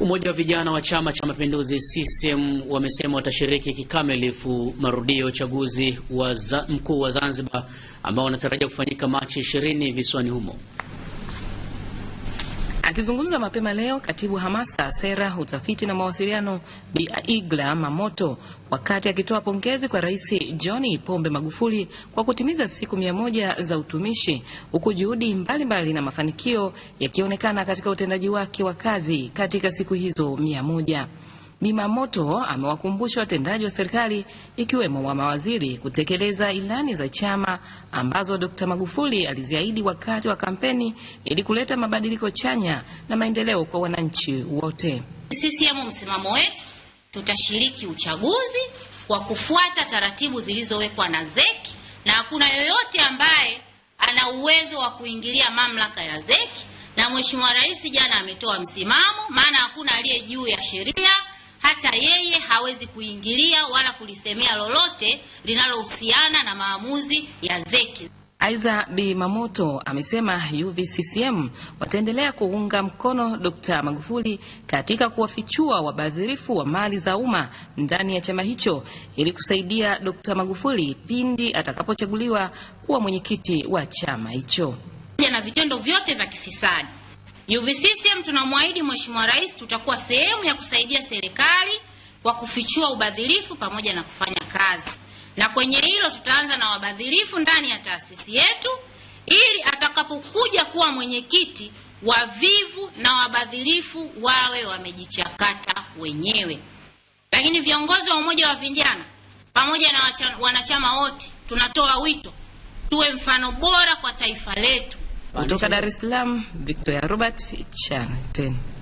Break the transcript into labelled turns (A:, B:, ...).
A: Umoja wa vijana wa Chama cha Mapinduzi CCM wamesema watashiriki kikamilifu marudio ya uchaguzi mkuu wa Zanzibar ambao wanatarajia kufanyika Machi 20 visiwani humo.
B: Akizungumza mapema leo, katibu hamasa, sera, utafiti na mawasiliano Bi Igla Mamoto, wakati akitoa pongezi kwa Rais John Pombe Magufuli kwa kutimiza siku mia moja za utumishi, huku juhudi mbalimbali na mafanikio yakionekana katika utendaji wake wa kazi katika siku hizo mia moja moto amewakumbusha watendaji wa serikali ikiwemo wa mawaziri kutekeleza ilani za chama ambazo Dkt. Magufuli aliziahidi wakati wa kampeni ili kuleta mabadiliko chanya na maendeleo kwa wananchi wote.
C: CCM msimamo wetu, tutashiriki uchaguzi kwa kufuata taratibu zilizowekwa na ZEC na hakuna yoyote ambaye ana uwezo wa kuingilia mamlaka ya ZEC, na Mheshimiwa Rais jana ametoa msimamo, maana hakuna aliye juu ya sheria hata yeye hawezi kuingilia wala kulisemea lolote linalohusiana na maamuzi ya zeki.
B: Aiza Bi Mamoto amesema UVCCM wataendelea kuunga mkono Dkt. Magufuli katika kuwafichua wabadhirifu wa mali za umma ndani ya chama hicho ili kusaidia Dkt. Magufuli pindi atakapochaguliwa kuwa mwenyekiti wa chama hicho
C: na vitendo vyote vya kifisadi UVCCM tunamwahidi Mheshimiwa Rais tutakuwa sehemu ya kusaidia serikali kwa kufichua ubadhirifu pamoja na kufanya kazi, na kwenye hilo tutaanza na wabadhirifu ndani ya taasisi yetu, ili atakapokuja kuwa mwenyekiti, wavivu na wabadhirifu wawe wamejichakata wenyewe. Lakini viongozi wa Umoja wa Vijana pamoja na wanachama wote tunatoa wito tuwe mfano bora kwa taifa letu.
D: Kutoka Dar es Salaam, Victoria Robert Chana, Ten.